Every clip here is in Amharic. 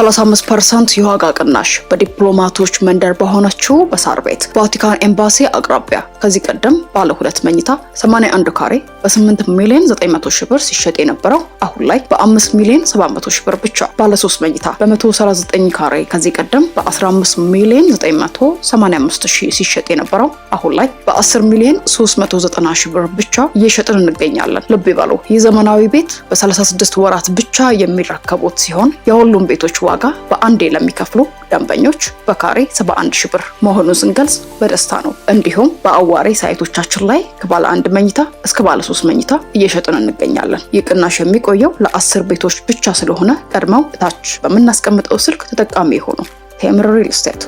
35 ፐርሰንት የዋጋ ቅናሽ በዲፕሎማቶች መንደር በሆነችው በሳር ቤት ቫቲካን ኤምባሲ አቅራቢያ ከዚህ ቀደም ባለ ሁለት መኝታ 81 ካሬ በ8 ሚሊዮን 900 ሺህ ብር ሲሸጥ የነበረው አሁን ላይ በ5 ሚሊዮን 700 ሺህ ብር ብቻ፣ ባለ 3 መኝታ በ139 ካሬ ከዚህ ቀደም በ15 ሚሊዮን 985 ሺህ ሲሸጥ የነበረው አሁን ላይ በ10 ሚሊዮን 390 ሺህ ብር ብቻ እየሸጥን እንገኛለን። ልብ ይበሉ፣ ይህ ዘመናዊ ቤት በ36 ወራት ብቻ የሚረከቡት ሲሆን የሁሉም ቤቶች ዋጋ በአንዴ ለሚከፍሉ ደንበኞች በካሬ 71 ሺ ብር መሆኑን ስንገልጽ በደስታ ነው። እንዲሁም በአዋሬ ሳይቶቻችን ላይ ከባለ አንድ መኝታ እስከ ባለ ሶስት መኝታ እየሸጥን እንገኛለን። ይህ ቅናሽ የሚቆየው ለአስር ቤቶች ብቻ ስለሆነ ቀድመው እታች በምናስቀምጠው ስልክ ተጠቃሚ የሆኑ ቴምር ሪል ስቴት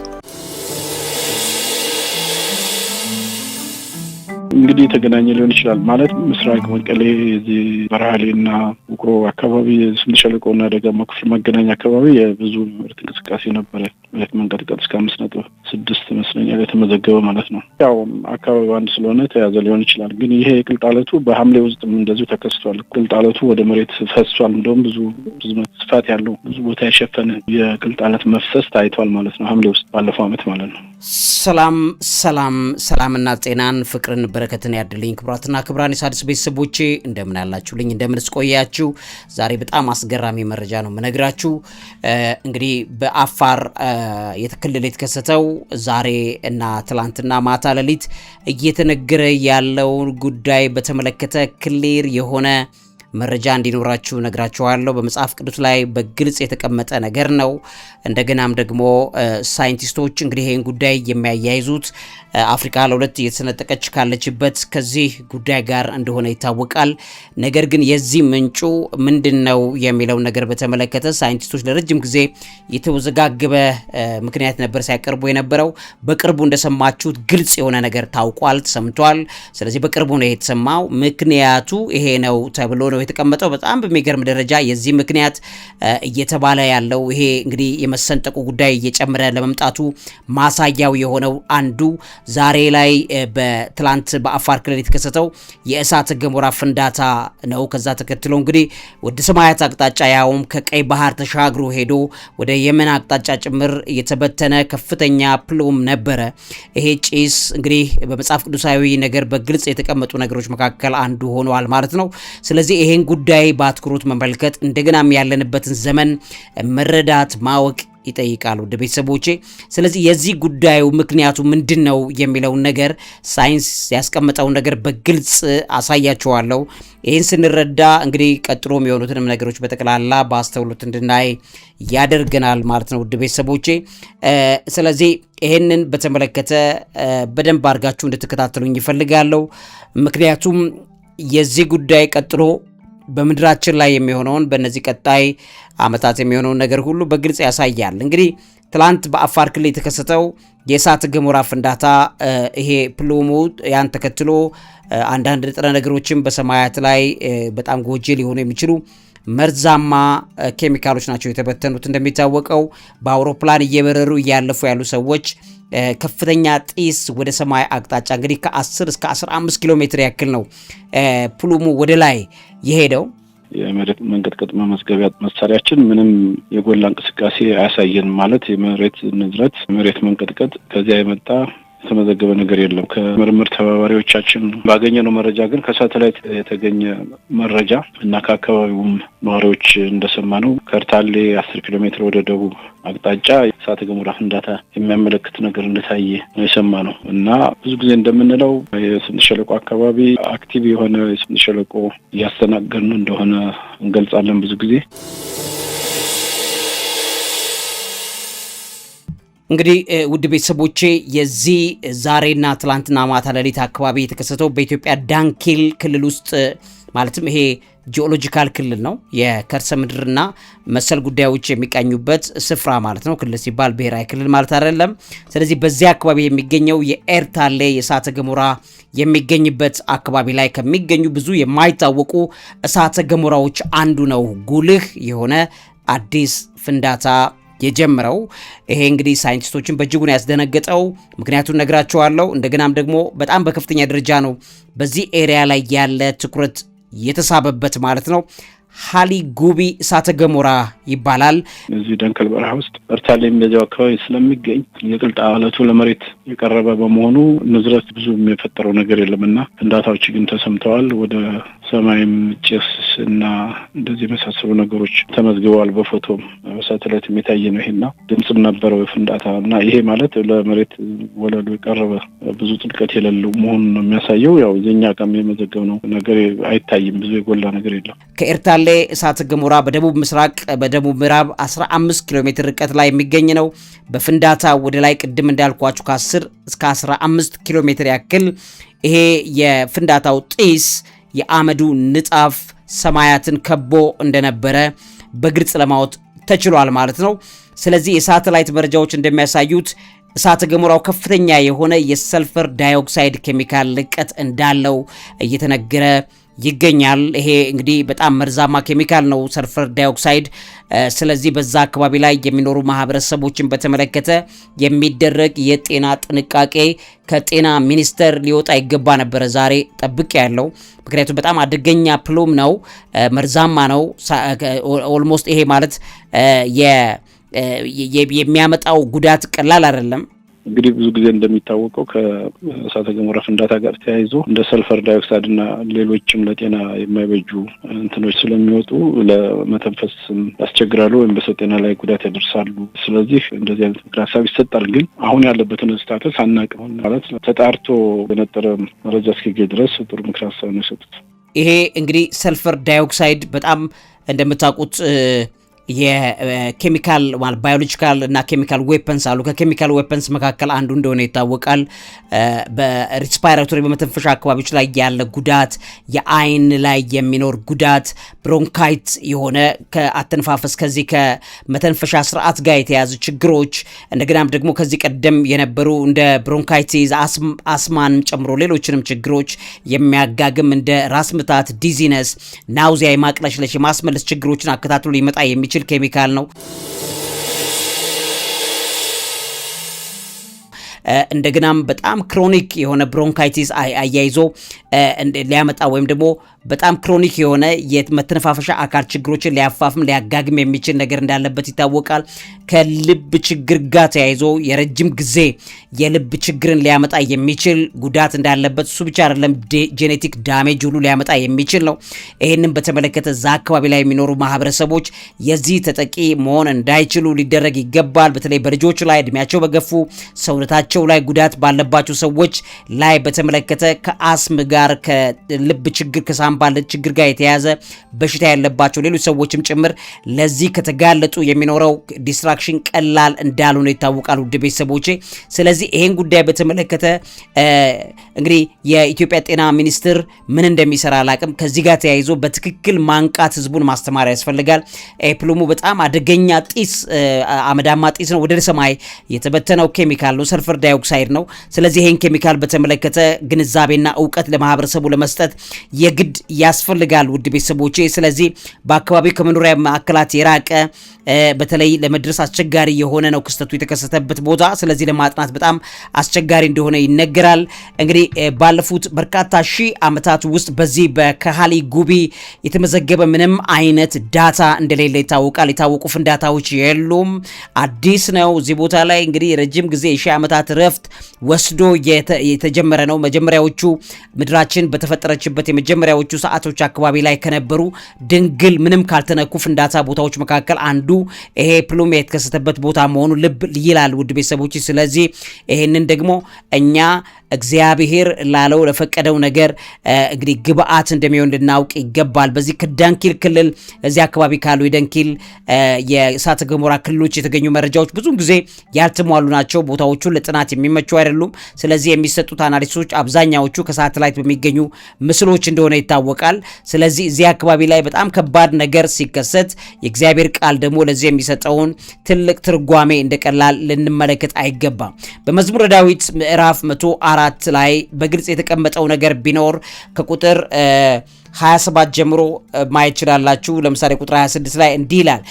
እንግዲህ የተገናኘ ሊሆን ይችላል። ማለት ምስራቅ መቀሌ እዚህ በረሃሌና ውቅሮ አካባቢ ስምጥ ሸለቆና ደጋማ ክፍል መገናኛ አካባቢ የብዙ ምርት እንቅስቃሴ ነበረ። መሬት መንቀጥቀጥ እስከ አምስት ነጥብ ስድስት ይመስለኛል የተመዘገበ ማለት ነው። ያው አካባቢው አንድ ስለሆነ ተያዘ ሊሆን ይችላል። ግን ይሄ ቅልጣለቱ በሐምሌ ውስጥም እንደዚሁ ተከስቷል። ቅልጣለቱ ወደ መሬት ፈሷል። እንደውም ብዙ ርዝመት ስፋት ያለው ብዙ ቦታ የሸፈነ የቅልጣለት መፍሰስ ታይቷል ማለት ነው። ሐምሌ ውስጥ ባለፈው ዓመት ማለት ነው። ሰላም ሰላም ሰላምና ጤናን ፍቅርን በረከትን ያድልኝ ክብራትና ክብራን የሳድስ ቤተሰቦቼ እንደምን ያላችሁልኝ እንደምን ስቆያችሁ? ዛሬ በጣም አስገራሚ መረጃ ነው የምነግራችሁ። እንግዲህ በአፋር ክልል የተከሰተው ዛሬ እና ትላንትና ማታ ሌሊት እየተነገረ ያለውን ጉዳይ በተመለከተ ክሌር የሆነ መረጃ እንዲኖራችሁ ነግራችኋለሁ። በመጽሐፍ ቅዱስ ላይ በግልጽ የተቀመጠ ነገር ነው። እንደገናም ደግሞ ሳይንቲስቶች እንግዲህ ይህን ጉዳይ የሚያያይዙት አፍሪካ ለሁለት እየተሰነጠቀች ካለችበት ከዚህ ጉዳይ ጋር እንደሆነ ይታወቃል። ነገር ግን የዚህ ምንጩ ምንድን ነው የሚለውን ነገር በተመለከተ ሳይንቲስቶች ለረጅም ጊዜ የተወዘጋገበ ምክንያት ነበር ሲያቀርቡ የነበረው። በቅርቡ እንደሰማችሁት ግልጽ የሆነ ነገር ታውቋል፣ ተሰምቷል። ስለዚህ በቅርቡ ነው የተሰማው። ምክንያቱ ይሄ ነው ተብሎ ነው የተቀመጠው በጣም በሚገርም ደረጃ። የዚህ ምክንያት እየተባለ ያለው ይሄ እንግዲህ የመሰንጠቁ ጉዳይ እየጨመረ ለመምጣቱ ማሳያው የሆነው አንዱ ዛሬ ላይ በትላንት በአፋር ክልል የተከሰተው የእሳተ ገሞራ ፍንዳታ ነው። ከዛ ተከትሎ እንግዲህ ወደ ሰማያት አቅጣጫ ያውም ከቀይ ባህር ተሻግሮ ሄዶ ወደ የመን አቅጣጫ ጭምር የተበተነ ከፍተኛ ፕሎም ነበረ። ይሄ ጭስ እንግዲህ በመጽሐፍ ቅዱሳዊ ነገር በግልጽ የተቀመጡ ነገሮች መካከል አንዱ ሆኗል ማለት ነው። ስለዚህ ይሄ ይህን ጉዳይ በአትኩሮት መመልከት እንደገናም ያለንበትን ዘመን መረዳት ማወቅ ይጠይቃል። ውድ ቤተሰቦቼ፣ ስለዚህ የዚህ ጉዳዩ ምክንያቱ ምንድን ነው የሚለውን ነገር ሳይንስ ያስቀመጠውን ነገር በግልጽ አሳያችኋለሁ። ይህን ስንረዳ እንግዲህ ቀጥሎ የሚሆኑትንም ነገሮች በጠቅላላ በአስተውሎት እንድናይ ያደርገናል ማለት ነው። ውድ ቤተሰቦቼ፣ ስለዚህ ይህንን በተመለከተ በደንብ አድርጋችሁ እንድትከታተሉኝ ይፈልጋለሁ። ምክንያቱም የዚህ ጉዳይ ቀጥሎ በምድራችን ላይ የሚሆነውን በእነዚህ ቀጣይ ዓመታት የሚሆነውን ነገር ሁሉ በግልጽ ያሳያል። እንግዲህ ትላንት በአፋር ክልል የተከሰተው የእሳተ ገሞራ ፍንዳታ ይሄ ፕሎሞ ያን ተከትሎ አንዳንድ ንጥረ ነገሮችን በሰማያት ላይ በጣም ጎጂ ሊሆኑ የሚችሉ መርዛማ ኬሚካሎች ናቸው የተበተኑት። እንደሚታወቀው በአውሮፕላን እየበረሩ እያለፉ ያሉ ሰዎች ከፍተኛ ጢስ ወደ ሰማይ አቅጣጫ እንግዲህ ከ10 እስከ 15 ኪሎ ሜትር ያክል ነው ፕሉሙ ወደ ላይ የሄደው። የመሬት መንቀጥቀጥ መመዝገቢያ መሳሪያችን ምንም የጎላ እንቅስቃሴ አያሳየንም። ማለት የመሬት ንዝረት፣ መሬት መንቀጥቀጥ ከዚያ የመጣ የተመዘገበ ነገር የለም። ከምርምር ተባባሪዎቻችን ባገኘነው መረጃ ግን ከሳተላይት የተገኘ መረጃ እና ከአካባቢውም ነዋሪዎች እንደሰማነው ከእርታሌ አስር ኪሎ ሜትር ወደ ደቡብ አቅጣጫ እሳተ ገሞራ ፍንዳታ የሚያመለክት ነገር እንደታየ ነው የሰማነው እና ብዙ ጊዜ እንደምንለው የስምጥ ሸለቆ አካባቢ አክቲቭ የሆነ የስምጥ ሸለቆ እያስተናገድን እንደሆነ እንገልጻለን ብዙ ጊዜ እንግዲህ ውድ ቤተሰቦቼ የዚህ ዛሬና ትላንትና ማታ ሌሊት አካባቢ የተከሰተው በኢትዮጵያ ዳንኪል ክልል ውስጥ ማለትም ይሄ ጂኦሎጂካል ክልል ነው። የከርሰ ምድርና መሰል ጉዳዮች የሚቃኙበት ስፍራ ማለት ነው። ክልል ሲባል ብሔራዊ ክልል ማለት አይደለም። ስለዚህ በዚህ አካባቢ የሚገኘው የኤርታሌ የእሳተ ገሞራ የሚገኝበት አካባቢ ላይ ከሚገኙ ብዙ የማይታወቁ እሳተ ገሞራዎች አንዱ ነው። ጉልህ የሆነ አዲስ ፍንዳታ የጀመረው። ይሄ እንግዲህ ሳይንቲስቶችን በእጅጉን ያስደነገጠው ምክንያቱን ነግራቸዋለሁ። እንደገናም ደግሞ በጣም በከፍተኛ ደረጃ ነው በዚህ ኤሪያ ላይ ያለ ትኩረት የተሳበበት ማለት ነው። ሀሊ ጉቢ እሳተ ገሞራ ይባላል። እዚህ ደንከል በረሃ ውስጥ ኤርታሌም በዚያው አካባቢ ስለሚገኝ የቅልጣ አለቱ ለመሬት የቀረበ በመሆኑ ንዝረት ብዙ የፈጠረው ነገር የለምና ፍንዳታዎች ግን ተሰምተዋል። ወደ ሰማይም ጭስ እና እንደዚህ የመሳሰሉ ነገሮች ተመዝግበዋል። በፎቶም በሳተላይት የሚታይ ነው። ይሄና ድምፅም ነበረው የፍንዳታ እና ይሄ ማለት ለመሬት ወለሉ የቀረበ ብዙ ጥልቀት የሌለው መሆኑን ነው የሚያሳየው። ያው የኛ ቀም የመዘገብ ነው ነገር አይታይም። ብዙ የጎላ ነገር የለም። ከኤርታሌ እሳተ ገሞራ በደቡብ ምስራቅ በደቡብ ምዕራብ 15 ኪሎ ሜትር ርቀት ላይ የሚገኝ ነው። በፍንዳታ ወደ ላይ ቅድም እንዳልኳችሁ ከ10 እስከ 15 ኪሎ ሜትር ያክል ይሄ የፍንዳታው ጢስ የአመዱ ንጣፍ ሰማያትን ከቦ እንደነበረ በግልጽ ለማወቅ ተችሏል ማለት ነው። ስለዚህ የሳተላይት መረጃዎች እንደሚያሳዩት እሳተ ገሞራው ከፍተኛ የሆነ የሰልፈር ዳይኦክሳይድ ኬሚካል ልቀት እንዳለው እየተነገረ ይገኛል። ይሄ እንግዲህ በጣም መርዛማ ኬሚካል ነው ሰልፈር ዳይኦክሳይድ። ስለዚህ በዛ አካባቢ ላይ የሚኖሩ ማህበረሰቦችን በተመለከተ የሚደረግ የጤና ጥንቃቄ ከጤና ሚኒስቴር ሊወጣ ይገባ ነበረ። ዛሬ ጠብቅ ያለው ምክንያቱም በጣም አደገኛ ፕሉም ነው፣ መርዛማ ነው። ኦልሞስት ይሄ ማለት የሚያመጣው ጉዳት ቀላል አይደለም። እንግዲህ ብዙ ጊዜ እንደሚታወቀው ከእሳተ ገሞራ ፍንዳታ ጋር ተያይዞ እንደ ሰልፈር ዳይኦክሳይድ እና ሌሎችም ለጤና የማይበጁ እንትኖች ስለሚወጡ ለመተንፈስም ያስቸግራሉ ወይም በሰው ጤና ላይ ጉዳት ያደርሳሉ። ስለዚህ እንደዚህ አይነት ምክር ሀሳብ ይሰጣል። ግን አሁን ያለበትን ስታተስ አናውቅም ማለት ተጣርቶ በነጠረ መረጃ እስኪገኝ ድረስ ጥሩ ምክር ሀሳብ ነው የሰጡት። ይሄ እንግዲህ ሰልፈር ዳይኦክሳይድ በጣም እንደምታውቁት የኬሚካል ባዮሎጂካል እና ኬሚካል ዌፐንስ አሉ። ከኬሚካል ዌፐንስ መካከል አንዱ እንደሆነ ይታወቃል። በሪስፓይራቶሪ በመተንፈሻ አካባቢዎች ላይ ያለ ጉዳት፣ የአይን ላይ የሚኖር ጉዳት፣ ብሮንካይት የሆነ ከአተንፋፈስ ከዚህ ከመተንፈሻ ስርዓት ጋር የተያዙ ችግሮች፣ እንደገናም ደግሞ ከዚህ ቀደም የነበሩ እንደ ብሮንካይቲስ አስማን ጨምሮ ሌሎችንም ችግሮች የሚያጋግም እንደ ራስ ምታት፣ ዲዚነስ፣ ናውዚያ፣ የማቅለሽለሽ የማስመለስ ችግሮችን አከታትሎ ሊመጣ የሚችል química, no. እንደገናም በጣም ክሮኒክ የሆነ ብሮንካይቲስ አያይዞ ሊያመጣ ወይም ደግሞ በጣም ክሮኒክ የሆነ የመተነፋፈሻ አካል ችግሮችን ሊያፋፍም ሊያጋግም የሚችል ነገር እንዳለበት ይታወቃል። ከልብ ችግር ጋር ተያይዞ የረጅም ጊዜ የልብ ችግርን ሊያመጣ የሚችል ጉዳት እንዳለበት እሱ ብቻ አይደለም፣ ጄኔቲክ ዳሜጅ ሁሉ ሊያመጣ የሚችል ነው። ይህንም በተመለከተ እዛ አካባቢ ላይ የሚኖሩ ማህበረሰቦች የዚህ ተጠቂ መሆን እንዳይችሉ ሊደረግ ይገባል። በተለይ በልጆች ላይ እድሜያቸው በገፉ ሰውነታቸው ራሳቸው ላይ ጉዳት ባለባቸው ሰዎች ላይ በተመለከተ ከአስም ጋር ከልብ ችግር ከሳምባ ችግር ጋር የተያያዘ በሽታ ያለባቸው ሌሎች ሰዎችም ጭምር ለዚህ ከተጋለጡ የሚኖረው ዲስትራክሽን ቀላል እንዳልሆነ ይታወቃል። ውድ ቤተሰቦቼ፣ ስለዚህ ይህን ጉዳይ በተመለከተ እንግዲህ የኢትዮጵያ ጤና ሚኒስቴር ምን እንደሚሰራ አላቅም። ከዚህ ጋር ተያይዞ በትክክል ማንቃት ህዝቡን ማስተማር ያስፈልጋል። ኤፕሉሙ በጣም አደገኛ ጢስ አመዳማ ጢስ ነው። ወደ ሰማይ የተበተነው ኬሚካል ነው። ሰልፈር ዳይኦክሳይድ ነው። ስለዚህ ይህን ኬሚካል በተመለከተ ግንዛቤና እውቀት ለማህበረሰቡ ለመስጠት የግድ ያስፈልጋል። ውድ ቤተሰቦቼ፣ ስለዚህ በአካባቢው ከመኖሪያ ማዕከላት የራቀ በተለይ ለመድረስ አስቸጋሪ የሆነ ነው ክስተቱ የተከሰተበት ቦታ። ስለዚህ ለማጥናት በጣም አስቸጋሪ እንደሆነ ይነገራል። እንግዲህ ባለፉት በርካታ ሺህ ዓመታት ውስጥ በዚህ በካሃሊ ጉቢ የተመዘገበ ምንም አይነት ዳታ እንደሌለ ይታወቃል። የታወቁ ፍንዳታዎች የሉም። አዲስ ነው። እዚህ ቦታ ላይ እንግዲህ ረጅም ጊዜ የሺህ ዓመታት ረፍት ወስዶ የተጀመረ ነው። መጀመሪያዎቹ ምድራችን በተፈጠረችበት የመጀመሪያዎቹ ሰዓቶች አካባቢ ላይ ከነበሩ ድንግል ምንም ካልተነኩ ፍንዳታ ቦታዎች መካከል አንዱ ይሄ ፕሉም የተከሰተበት ቦታ መሆኑ ልብ ይላል፣ ውድ ቤተሰቦች። ስለዚህ ይሄንን ደግሞ እኛ እግዚአብሔር ላለው ለፈቀደው ነገር እንግዲህ ግብአት እንደሚሆን ልናውቅ ይገባል። በዚህ ከዳንኪል ክልል እዚህ አካባቢ ካሉ የደንኪል የእሳተ ገሞራ ክልሎች የተገኙ መረጃዎች ብዙ ጊዜ ያልተሟሉ ናቸው። ቦታዎቹ ለጥናት ለጥናት የሚመቹ አይደሉም። ስለዚህ የሚሰጡት አናሊሲሶች አብዛኛዎቹ ከሳተላይት በሚገኙ ምስሎች እንደሆነ ይታወቃል። ስለዚህ እዚህ አካባቢ ላይ በጣም ከባድ ነገር ሲከሰት የእግዚአብሔር ቃል ደግሞ ለዚህ የሚሰጠውን ትልቅ ትርጓሜ እንደቀላል ልንመለከት አይገባም። በመዝሙረ ዳዊት ምዕራፍ 104 ላይ በግልጽ የተቀመጠው ነገር ቢኖር ከቁጥር 27 ጀምሮ ማየት ይችላላችሁ። ለምሳሌ ቁጥር 26 ላይ እንዲህ ይላል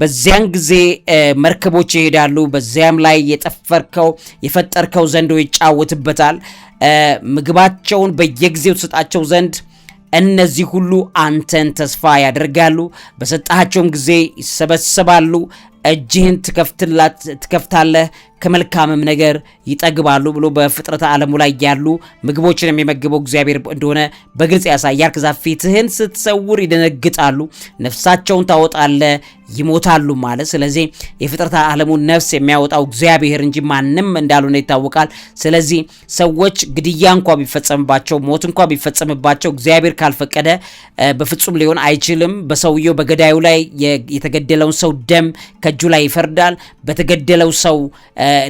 በዚያን ጊዜ መርከቦች ይሄዳሉ፣ በዚያም ላይ የጠፈርከው የፈጠርከው ዘንዶ ይጫወትበታል። ምግባቸውን በየጊዜው ትሰጣቸው ዘንድ እነዚህ ሁሉ አንተን ተስፋ ያደርጋሉ። በሰጣቸውም ጊዜ ይሰበሰባሉ። እጅህን ትከፍታለህ፣ ከመልካምም ነገር ይጠግባሉ ብሎ በፍጥረት ዓለሙ ላይ ያሉ ምግቦችን የሚመግበው እግዚአብሔር እንደሆነ በግልጽ ያሳያል። ከዛ ፊትህን ስትሰውር ይደነግጣሉ፣ ነፍሳቸውን ታወጣለ፣ ይሞታሉ ማለት ስለዚህ የፍጥረት ዓለሙን ነፍስ የሚያወጣው እግዚአብሔር እንጂ ማንም እንዳልሆነ ይታወቃል። ስለዚህ ሰዎች ግድያ እንኳ ቢፈጸምባቸው፣ ሞት እንኳ ቢፈጸምባቸው እግዚአብሔር ካልፈቀደ በፍጹም ሊሆን አይችልም። በሰውየው በገዳዩ ላይ የተገደለውን ሰው ደም ከእጁ ላይ ይፈርዳል። በተገደለው ሰው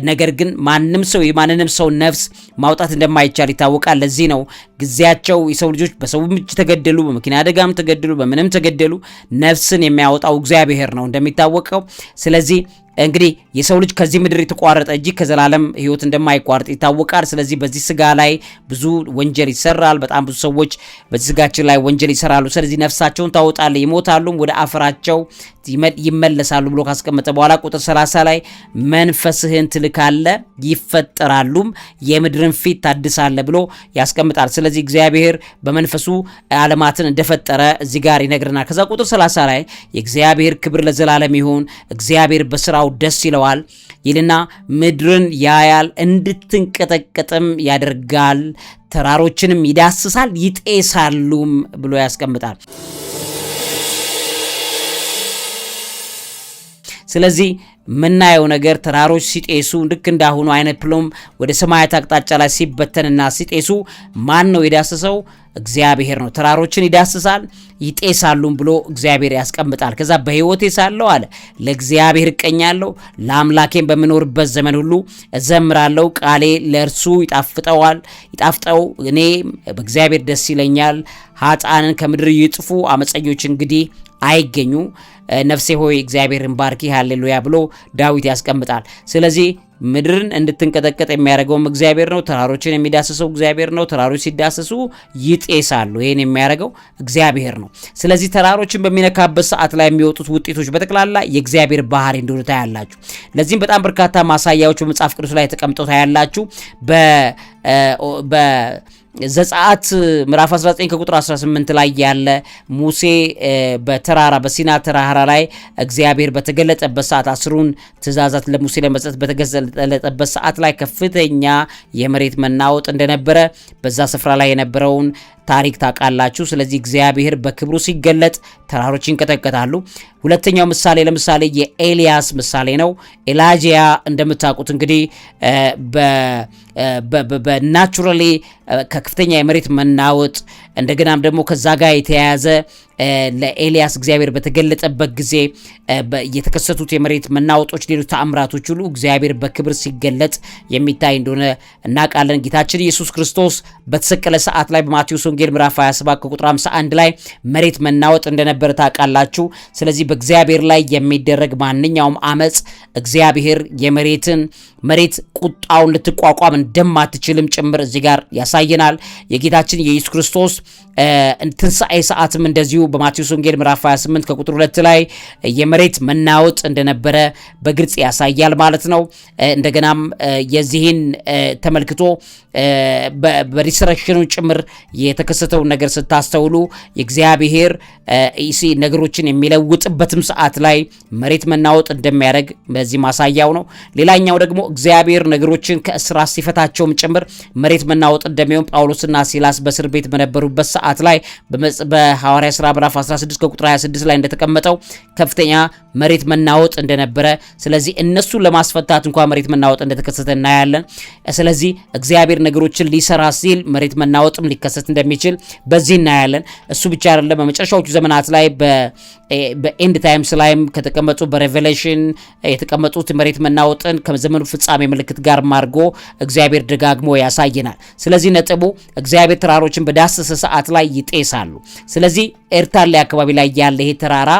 ነገር ግን ማንም ሰው የማንንም ሰው ነፍስ ማውጣት እንደማይቻል ይታወቃል። ለዚህ ነው ጊዜያቸው የሰው ልጆች በሰው እጅ ተገደሉ፣ በመኪና አደጋም ተገደሉ፣ በምንም ተገደሉ፣ ነፍስን የሚያወጣው እግዚአብሔር ነው እንደሚታወቀው። ስለዚህ እንግዲህ የሰው ልጅ ከዚህ ምድር የተቋረጠ እጅ ከዘላለም ህይወት እንደማይቋርጥ ይታወቃል። ስለዚህ በዚህ ስጋ ላይ ብዙ ወንጀል ይሰራል። በጣም ብዙ ሰዎች በዚህ ስጋችን ላይ ወንጀል ይሰራሉ። ስለዚህ ነፍሳቸውን ታወጣለ፣ ይሞታሉም ወደ አፈራቸው ይመለሳሉ ብሎ ካስቀመጠ በኋላ ቁጥር 30 ላይ መንፈስህን ትልካለ፣ ይፈጠራሉም፣ የምድርን ፊት ታድሳለ ብሎ ያስቀምጣል። ስለዚህ እግዚአብሔር በመንፈሱ አለማትን እንደፈጠረ እዚህ ጋር ይነግረናል። ከዛ ቁጥር 30 ላይ የእግዚአብሔር ክብር ለዘላለም ይሁን እግዚአብሔር በስራው ደስ ይለዋል ይልና ምድርን ያያል፣ እንድትንቀጠቀጥም ያደርጋል፣ ተራሮችንም ይዳስሳል፣ ይጤሳሉም ብሎ ያስቀምጣል። ስለዚህ የምናየው ነገር ተራሮች ሲጤሱ ልክ እንዳሁኑ አይነት ፕሎም ወደ ሰማያት አቅጣጫ ላይ ሲበተንና ሲጤሱ ማን ነው የዳሰሰው? እግዚአብሔር ነው። ተራሮችን ይዳስሳል ይጤሳሉም ብሎ እግዚአብሔር ያስቀምጣል። ከዛ በሕይወቴ ሳለው አለ ለእግዚአብሔር እቀኛለሁ፣ ለአምላኬን በምኖርበት ዘመን ሁሉ እዘምራለሁ። ቃሌ ለእርሱ ይጣፍጠዋል ይጣፍጠው እኔ በእግዚአብሔር ደስ ይለኛል። ሀጣንን ከምድር ይጥፉ፣ አመፀኞች እንግዲህ አይገኙ ነፍሴ ሆይ እግዚአብሔርን ባርኪ ሃሌሉያ ብሎ ዳዊት ያስቀምጣል። ስለዚህ ምድርን እንድትንቀጠቀጥ የሚያደርገውም እግዚአብሔር ነው። ተራሮችን የሚዳስሰው እግዚአብሔር ነው። ተራሮች ሲዳስሱ ይጤሳሉ። ይህን የሚያደርገው እግዚአብሔር ነው። ስለዚህ ተራሮችን በሚነካበት ሰዓት ላይ የሚወጡት ውጤቶች በጠቅላላ የእግዚአብሔር ባህሪ እንደሆነ ታያላችሁ። ለዚህም በጣም በርካታ ማሳያዎች በመጽሐፍ ቅዱስ ላይ ተቀምጠው ታያላችሁ በ ዘጸአት ምዕራፍ 19 ከቁጥር 18 ላይ ያለ ሙሴ በተራራ በሲና ተራራ ላይ እግዚአብሔር በተገለጠበት ሰዓት አስሩን ትእዛዛት ለሙሴ ለመስጠት በተገለጠበት ሰዓት ላይ ከፍተኛ የመሬት መናወጥ እንደነበረ በዛ ስፍራ ላይ የነበረውን ታሪክ ታውቃላችሁ። ስለዚህ እግዚአብሔር በክብሩ ሲገለጥ ተራሮች ይንቀጠቀጣሉ። ሁለተኛው ምሳሌ ለምሳሌ የኤልያስ ምሳሌ ነው። ኤላጂያ እንደምታውቁት እንግዲህ በናቹራሊ ከከፍተኛ የመሬት መናወጥ እንደገናም ደግሞ ከዛ ጋር የተያያዘ ለኤልያስ እግዚአብሔር በተገለጠበት ጊዜ የተከሰቱት የመሬት መናወጦች፣ ሌሎች ተአምራቶች ሁሉ እግዚአብሔር በክብር ሲገለጥ የሚታይ እንደሆነ እናውቃለን። ጌታችን ኢየሱስ ክርስቶስ በተሰቀለ ሰዓት ላይ በማቴዎስ ወንጌል ምዕራፍ 27 ቁጥር 51 ላይ መሬት መናወጥ እንደነበረ ታውቃላችሁ። ስለዚህ በእግዚአብሔር ላይ የሚደረግ ማንኛውም አመፅ እግዚአብሔር የመሬትን መሬት ቁጣውን ልትቋቋም እንደማትችልም ጭምር እዚህ ጋር ያሳየናል። የጌታችን የኢየሱስ ክርስቶስ ትንሣኤ ሰዓትም እንደዚሁ በማቴዎስ ወንጌል ምዕራፍ 28 ከቁጥር 2 ላይ የመሬት መናወጥ እንደነበረ በግልጽ ያሳያል ማለት ነው። እንደገናም የዚህን ተመልክቶ በሪሰረክሽኑ ጭምር የተከሰተውን ነገር ስታስተውሉ የእግዚአብሔር ነገሮችን የሚለውጥበትም ሰዓት ላይ መሬት መናወጥ እንደሚያደርግ በዚህ ማሳያው ነው። ሌላኛው ደግሞ እግዚአብሔር ነገሮችን ከእስራ ሲፈታቸውም ጭምር መሬት መናወጥ እንደሚሆን ጳውሎስና ሲላስ በእስር ቤት በነበሩበት ሰዓት ላይ በሐዋርያ ስራ ምዕራፍ 16 ከቁጥር 26 ላይ እንደተቀመጠው ከፍተኛ መሬት መናወጥ እንደነበረ፣ ስለዚህ እነሱን ለማስፈታት እንኳ መሬት መናወጥ እንደተከሰተ እናያለን። ስለዚህ እግዚአብሔር ነገሮችን ሊሰራ ሲል መሬት መናወጥም ሊከሰት እንደሚችል በዚህ እናያለን። እሱ ብቻ አይደለም። በመጨረሻዎቹ ዘመናት ላይ በኤንድ ታይምስ ላይም ከተቀመጡ በሬቨሌሽን የተቀመጡት መሬት መናወጥን ከዘመኑ ፍጻሜ ምልክት ጋር ማርጎ እግዚአብሔር ደጋግሞ ያሳየናል። ስለዚህ ነጥቡ እግዚአብሔር ተራሮችን በዳሰሰ ሰዓት ላይ ይጤሳሉ። ስለዚህ ኤርታሌ አካባቢ ላይ ያለ ይሄ ተራራ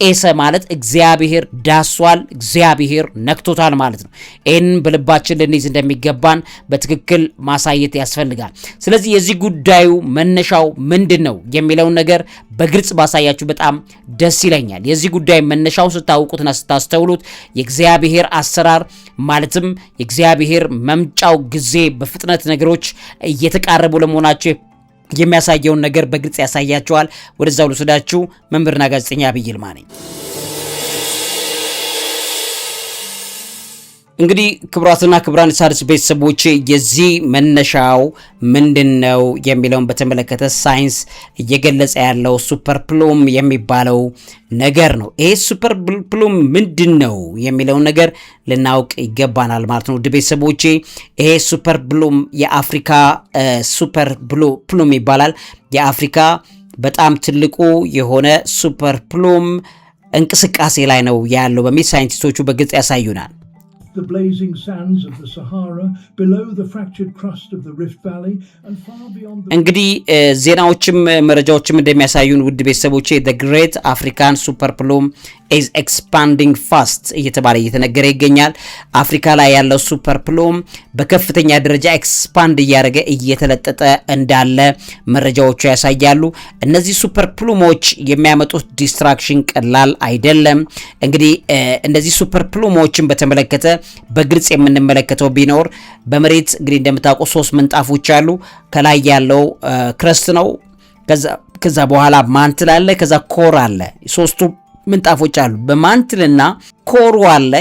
ጤሰ ማለት እግዚአብሔር ዳሷል፣ እግዚአብሔር ነክቶታል ማለት ነው። ይህን በልባችን ልንይዝ እንደሚገባን በትክክል ማሳየት ያስፈልጋል። ስለዚህ የዚህ ጉዳዩ መነሻው ምንድን ነው የሚለውን ነገር በግልጽ ባሳያችሁ በጣም ደስ ይለኛል። የዚህ ጉዳይ መነሻው ስታውቁትና ስታስተውሉት የእግዚአብሔር አሰራር ማለትም የእግዚአብሔር መምጫው ጊዜ በፍጥነት ነገሮች እየተቃረቡ ለመሆናቸው የሚያሳየውን ነገር በግልጽ ያሳያቸዋል። ወደዛው ልውሰዳችሁ። መምህርና ጋዜጠኛ ዐቢይ ይልማ ነኝ። እንግዲህ ክቡራትና ክቡራን ሣድስ ቤተሰቦች የዚህ መነሻው ምንድን ነው የሚለውን በተመለከተ ሳይንስ እየገለጸ ያለው ሱፐር ፕሉም የሚባለው ነገር ነው። ይሄ ሱፐር ፕሉም ምንድን ነው የሚለውን ነገር ልናውቅ ይገባናል ማለት ነው። ውድ ቤተሰቦቼ ይሄ ሱፐር ፕሉም የአፍሪካ ሱፐር ፕሉም ይባላል። የአፍሪካ በጣም ትልቁ የሆነ ሱፐር ፕሉም እንቅስቃሴ ላይ ነው ያለው በሚል ሳይንቲስቶቹ በግልጽ ያሳዩናል። the blazing sands of the Sahara, below the fractured crust of the Rift Valley and far beyond the እንግዲህ ዜናዎችም መረጃዎችም እንደሚያሳዩን ውድ ቤተሰቦቼ ዘ ግሬት አፍሪካን ሱፐር ፕሉም ኢዝ ኤክስፓንዲንግ ፋስት እየተባለ እየተነገረ ይገኛል። አፍሪካ ላይ ያለው ሱፐር ፕሎም በከፍተኛ ደረጃ ኤክስፓንድ እያደረገ እየተለጠጠ እንዳለ መረጃዎቹ ያሳያሉ። እነዚህ ሱፐር ፕሉሞች የሚያመጡት ዲስትራክሽን ቀላል አይደለም። እንግዲህ እነዚህ ሱፐር ፕሉሞችን በተመለከተ በግልጽ የምንመለከተው ቢኖር በመሬት እንግዲህ እንደምታውቁ ሶስት ምንጣፎች አሉ። ከላይ ያለው ክረስት ነው። ከዛ በኋላ ማንትል አለ። ከዛ ኮር አለ። ሶስቱ ምንጣፎች አሉ። በማንትልና ኮሩ አለ።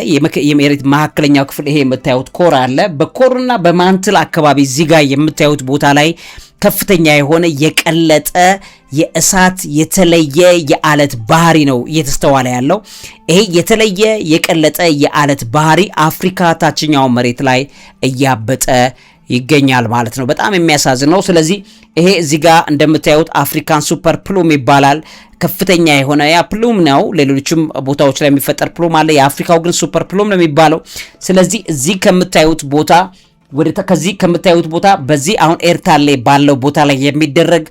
የመሬት መካከለኛው ክፍል ይሄ የምታዩት ኮር አለ። በኮርና በማንትል አካባቢ እዚህ ጋር የምታዩት ቦታ ላይ ከፍተኛ የሆነ የቀለጠ የእሳት የተለየ የአለት ባህሪ ነው እየተስተዋለ ያለው። ይሄ የተለየ የቀለጠ የአለት ባህሪ አፍሪካ ታችኛው መሬት ላይ እያበጠ ይገኛል ማለት ነው። በጣም የሚያሳዝን ነው። ስለዚህ ይሄ እዚህ ጋር እንደምታዩት አፍሪካን ሱፐር ፕሉም ይባላል። ከፍተኛ የሆነ ያ ፕሉም ነው። ሌሎችም ቦታዎች ላይ የሚፈጠር ፕሉም አለ። የአፍሪካው ግን ሱፐር ፕሉም ነው የሚባለው። ስለዚህ እዚህ ከምታዩት ቦታ ወደ ከዚህ ከምታዩት ቦታ በዚህ አሁን ኤርታሌ ባለው ቦታ ላይ የሚደረግ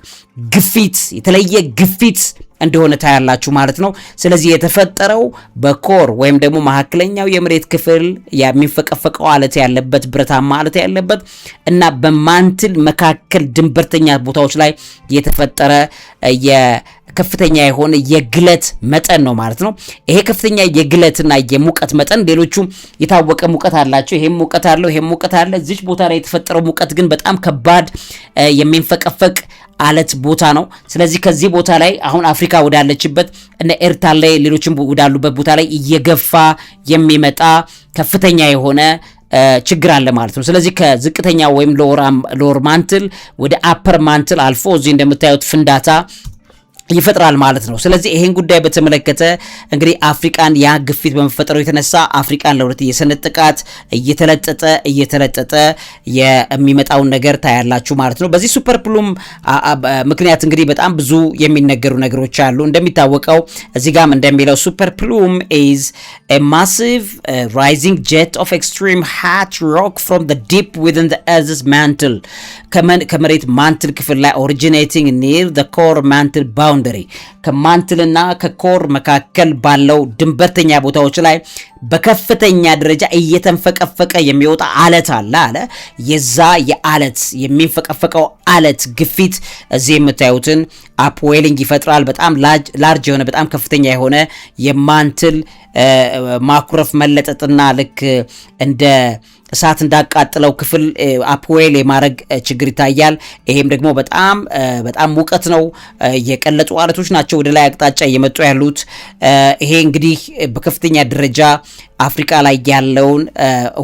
ግፊት የተለየ ግፊት እንደሆነ ታያላችሁ ማለት ነው። ስለዚህ የተፈጠረው በኮር ወይም ደግሞ መካከለኛው የመሬት ክፍል የሚፈቀፈቀው አለት ያለበት ብረታማ አለት ያለበት እና በማንትል መካከል ድንበርተኛ ቦታዎች ላይ የተፈጠረ ከፍተኛ የሆነ የግለት መጠን ነው ማለት ነው። ይሄ ከፍተኛ የግለትና የሙቀት መጠን ሌሎቹ የታወቀ ሙቀት አላቸው። ይሄም ሙቀት አለው፣ ይሄም ሙቀት አለ። እዚች ቦታ ላይ የተፈጠረው ሙቀት ግን በጣም ከባድ የሚንፈቀፈቅ አለት ቦታ ነው። ስለዚህ ከዚህ ቦታ ላይ አሁን አፍሪካ ወዳለችበት እነ ላይ ሌሎችም ወዳሉበት ቦታ ላይ እየገፋ የሚመጣ ከፍተኛ የሆነ ችግር አለ ማለት ነው። ስለዚህ ከዝቅተኛ ወይም ሎወር ማንትል ወደ አፐር ማንትል አልፎ እዚህ እንደምታዩት ፍንዳታ ይፈጥራል ማለት ነው። ስለዚህ ይሄን ጉዳይ በተመለከተ እንግዲህ አፍሪቃን ያ ግፊት በመፈጠሩ የተነሳ አፍሪቃን ለሁለት እየሰነጠቃት እየተለጠጠ እየተለጠጠ የሚመጣውን ነገር ታያላችሁ ማለት ነው። በዚህ ሱፐር ፕሉም ምክንያት እንግዲህ በጣም ብዙ የሚነገሩ ነገሮች አሉ። እንደሚታወቀው እዚህ ጋም እንደሚለው ሱፐር ፕሉም ኢዝ ኤ ማሲቭ ራይዚንግ ጄት ኦፍ ኤክስትሪም ሃት ሮክ ፍሮም ዘ ዲፕ ዊዝን ዘ እርዝ ማንትል ከመሬት ማንትል ክፍል ላይ ኦሪጂኔቲንግ ኒር ዘ ኮር ማንትል ባውንድ ባውንደሪ ከማንትልና ከኮር መካከል ባለው ድንበርተኛ ቦታዎች ላይ በከፍተኛ ደረጃ እየተንፈቀፈቀ የሚወጣ አለት አለ አለ። የዛ የአለት የሚንፈቀፈቀው አለት ግፊት እዚህ የምታዩትን አፕዌሊንግ ይፈጥራል። በጣም ላርጅ የሆነ በጣም ከፍተኛ የሆነ የማንትል ማኩረፍ መለጠጥና ልክ እንደ እሳት እንዳቃጥለው ክፍል አፕዌል የማድረግ ችግር ይታያል። ይሄም ደግሞ በጣም በጣም ሙቀት ነው። የቀለጡ አለቶች ናቸው ወደ ላይ አቅጣጫ እየመጡ ያሉት። ይሄ እንግዲህ በከፍተኛ ደረጃ አፍሪካ ላይ ያለውን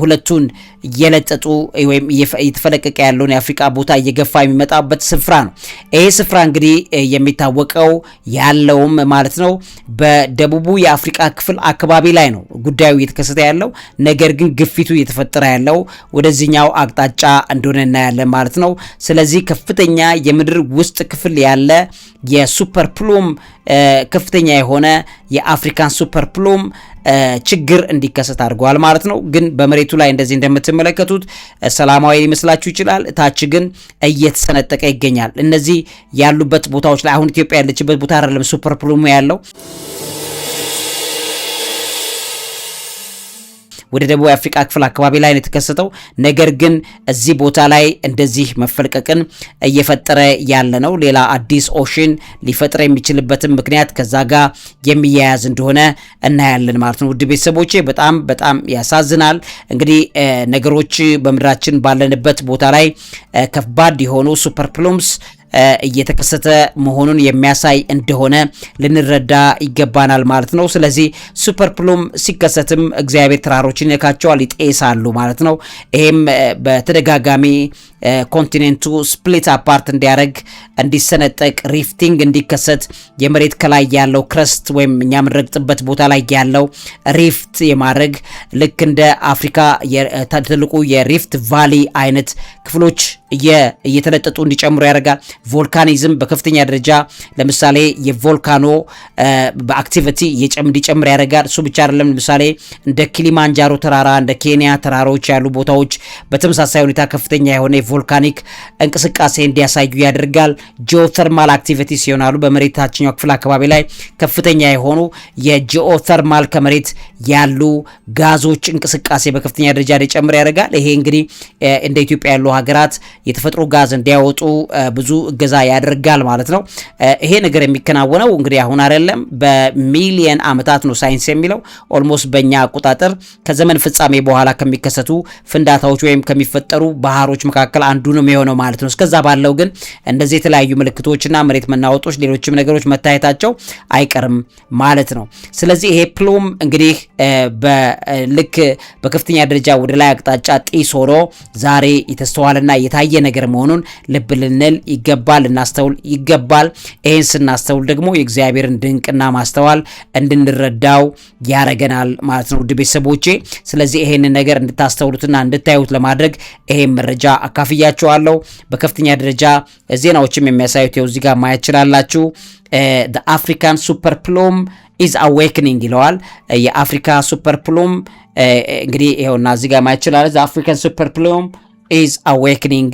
ሁለቱን እየለጠጡ ወይም እየተፈለቀቀ ያለውን የአፍሪካ ቦታ እየገፋ የሚመጣበት ስፍራ ነው። ይህ ስፍራ እንግዲህ የሚታወቀው ያለውም ማለት ነው በደቡቡ የአፍሪካ ክፍል አካባቢ ላይ ነው ጉዳዩ እየተከሰተ ያለው። ነገር ግን ግፊቱ እየተፈጠረ ያለው ወደዚህኛው አቅጣጫ እንደሆነ እናያለን ማለት ነው። ስለዚህ ከፍተኛ የምድር ውስጥ ክፍል ያለ የሱፐር ፕሉም ከፍተኛ የሆነ የአፍሪካን ሱፐር ፕሉም ችግር እንዲከሰት አድርጓል ማለት ነው። ግን በመሬቱ ላይ እንደዚህ እንደምትመለከቱት ሰላማዊ ሊመስላችሁ ይችላል። ታች ግን እየተሰነጠቀ ይገኛል። እነዚህ ያሉበት ቦታዎች ላይ አሁን ኢትዮጵያ ያለችበት ቦታ አይደለም ሱፐር ፕሉሙ ያለው ወደ ደቡብ አፍሪካ ክፍል አካባቢ ላይ ነው የተከሰተው። ነገር ግን እዚህ ቦታ ላይ እንደዚህ መፈልቀቅን እየፈጠረ ያለ ነው። ሌላ አዲስ ኦሽን ሊፈጥር የሚችልበትም ምክንያት ከዛ ጋር የሚያያዝ እንደሆነ እናያለን ማለት ነው። ውድ ቤተሰቦቼ በጣም በጣም ያሳዝናል። እንግዲህ ነገሮች በምድራችን ባለንበት ቦታ ላይ ከባድ የሆኑ ሱፐርፕሉምስ እየተከሰተ መሆኑን የሚያሳይ እንደሆነ ልንረዳ ይገባናል ማለት ነው። ስለዚህ ሱፐር ፕሉም ሲከሰትም እግዚአብሔር ተራሮችን ይነካቸዋል፣ ይጤሳሉ ማለት ነው። ይሄም በተደጋጋሚ ኮንቲኔንቱ ስፕሊት አፓርት እንዲያደርግ እንዲሰነጠቅ ሪፍቲንግ እንዲከሰት የመሬት ከላይ ያለው ክረስት ወይም እኛ የምንረግጥበት ቦታ ላይ ያለው ሪፍት የማድረግ ልክ እንደ አፍሪካ ትልቁ የሪፍት ቫሊ አይነት ክፍሎች እየተለጠጡ እንዲጨምሩ ያደርጋል። ቮልካኒዝም በከፍተኛ ደረጃ ለምሳሌ የቮልካኖ በአክቲቪቲ እንዲጨምር ያደርጋል። እሱ ብቻ አይደለም። ለምሳሌ እንደ ኪሊማንጃሮ ተራራ እንደ ኬንያ ተራሮች ያሉ ቦታዎች በተመሳሳይ ሁኔታ ከፍተኛ የሆነ ቮልካኒክ እንቅስቃሴ እንዲያሳዩ ያደርጋል። ጂኦተርማል አክቲቪቲ ሲሆናሉ በመሬት ታችኛው ክፍል አካባቢ ላይ ከፍተኛ የሆኑ የጂኦተርማል ከመሬት ያሉ ጋዞች እንቅስቃሴ በከፍተኛ ደረጃ ሊጨምር ያደርጋል። ይሄ እንግዲህ እንደ ኢትዮጵያ ያሉ ሀገራት የተፈጥሮ ጋዝ እንዲያወጡ ብዙ እገዛ ያደርጋል ማለት ነው። ይሄ ነገር የሚከናወነው እንግዲህ አሁን አይደለም፣ በሚሊየን ዓመታት ነው ሳይንስ የሚለው ኦልሞስት በእኛ አቆጣጠር ከዘመን ፍጻሜ በኋላ ከሚከሰቱ ፍንዳታዎች ወይም ከሚፈጠሩ ባህሮች መካከል መካከል አንዱ ነው የሚሆነው ማለት ነው። እስከዛ ባለው ግን እንደዚህ የተለያዩ ምልክቶችና መሬት መናወጦች፣ ሌሎችም ነገሮች መታየታቸው አይቀርም ማለት ነው። ስለዚህ ይሄ ፕሉም እንግዲህ በልክ በከፍተኛ ደረጃ ወደ ላይ አቅጣጫ ጢስ ሆኖ ዛሬ የተስተዋለና የታየ ነገር መሆኑን ልብ ልንል ይገባል፣ ልናስተውል ይገባል። ይህን ስናስተውል ደግሞ የእግዚአብሔርን ድንቅና ማስተዋል እንድንረዳው ያረገናል ማለት ነው። ውድ ቤተሰቦቼ ስለዚህ ይሄንን ነገር እንድታስተውሉትና እንድታዩት ለማድረግ ይሄን መረጃ አካ አካፍያችኋለሁ። በከፍተኛ ደረጃ ዜናዎችም የሚያሳዩት ው እዚጋ ማየት ይችላላችሁ። አፍሪካን ሱፐር ፕሎም ኢዝ አዌክኒንግ ይለዋል። የአፍሪካ ሱፐር ፕሎም እንግዲህ ይኸውና እዚጋ ማየት ይችላል። አፍሪካን ሱፐር ፕሎም ኢዝ አዌክኒንግ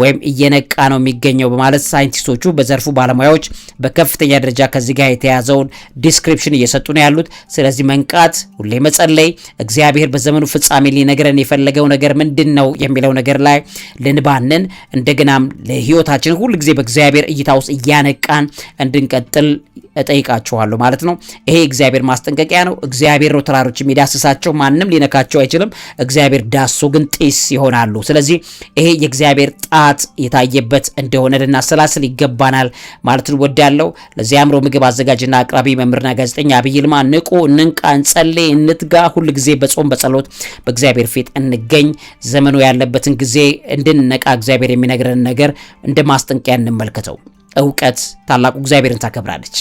ወይም እየነቃ ነው የሚገኘው በማለት ሳይንቲስቶቹ በዘርፉ ባለሙያዎች በከፍተኛ ደረጃ ከዚህ ጋር የተያዘውን ዲስክሪፕሽን እየሰጡ ነው ያሉት። ስለዚህ መንቃት፣ ሁሌ መጸለይ፣ እግዚአብሔር በዘመኑ ፍጻሜ ሊነግረን የፈለገው ነገር ምንድን ነው የሚለው ነገር ላይ ልንባንን እንደገናም ለህይወታችን ሁል ጊዜ በእግዚአብሔር እይታ ውስጥ እያነቃን እንድንቀጥል እጠይቃችኋለሁ ማለት ነው። ይሄ እግዚአብሔር ማስጠንቀቂያ ነው። እግዚአብሔር ነው ተራሮች የሚዳስሳቸው፣ ማንም ሊነካቸው አይችልም። እግዚአብሔር ዳሶ ግን ጢስ ይሆናሉ። ስለዚህ ይሄ የእግዚአብሔር ጣ ቅጣት የታየበት እንደሆነ ልናሰላስል ይገባናል ማለት እንወዳለው። ለዚህ አእምሮ ምግብ አዘጋጅና አቅራቢ መምህርና ጋዜጠኛ አብይ ይልማ ንቁ፣ እንንቃ፣ እንጸልይ፣ እንትጋ። ጊዜ በጾም በጸሎት በእግዚአብሔር ፊት እንገኝ። ዘመኑ ያለበትን ጊዜ እንድንነቃ እግዚአብሔር የሚነግረን ነገር እንደ ማስጠንቀቂያ እንመልከተው። እውቀት ታላቁ እግዚአብሔርን ታከብራለች።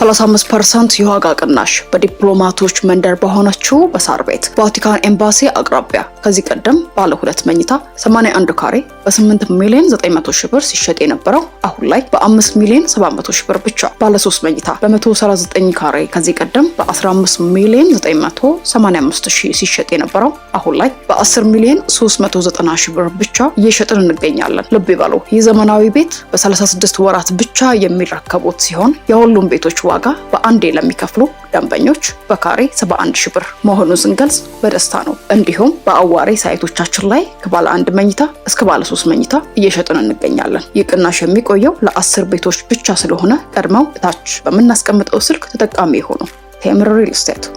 35 ፐርሰንት የዋጋ ቅናሽ በዲፕሎማቶች መንደር በሆነችው በሳር ቤት ቫቲካን ኤምባሲ አቅራቢያ ከዚህ ቀደም ባለ ሁለት መኝታ 81 ካሬ በ8 ሚሊዮን 900 ሺህ ብር ሲሸጥ የነበረው አሁን ላይ በ5 ሚሊዮን 700 ሺህ ብር ብቻ። ባለ 3 መኝታ በ139 ካሬ ከዚህ ቀደም በ15 ሚሊዮን 985 ሺህ ሲሸጥ የነበረው አሁን ላይ በ10 ሚሊዮን 390 ሺህ ብር ብቻ እየሸጥን እንገኛለን። ልብ ይበሉ፣ ይህ ዘመናዊ ቤት በ36 ወራት ብቻ የሚረከቡት ሲሆን የሁሉም ቤቶች ዋጋ በአንዴ ለሚከፍሉ ደንበኞች በካሬ 71 ሺ ብር መሆኑን ስንገልጽ በደስታ ነው። እንዲሁም በአዋሬ ሳይቶቻችን ላይ ከባለ አንድ መኝታ እስከ ባለ ሶስት መኝታ እየሸጥን እንገኛለን። ይህ ቅናሽ የሚቆየው ለአስር ቤቶች ብቻ ስለሆነ ቀድመው እታች በምናስቀምጠው ስልክ ተጠቃሚ የሆኑ ቴምር ሪል ስቴት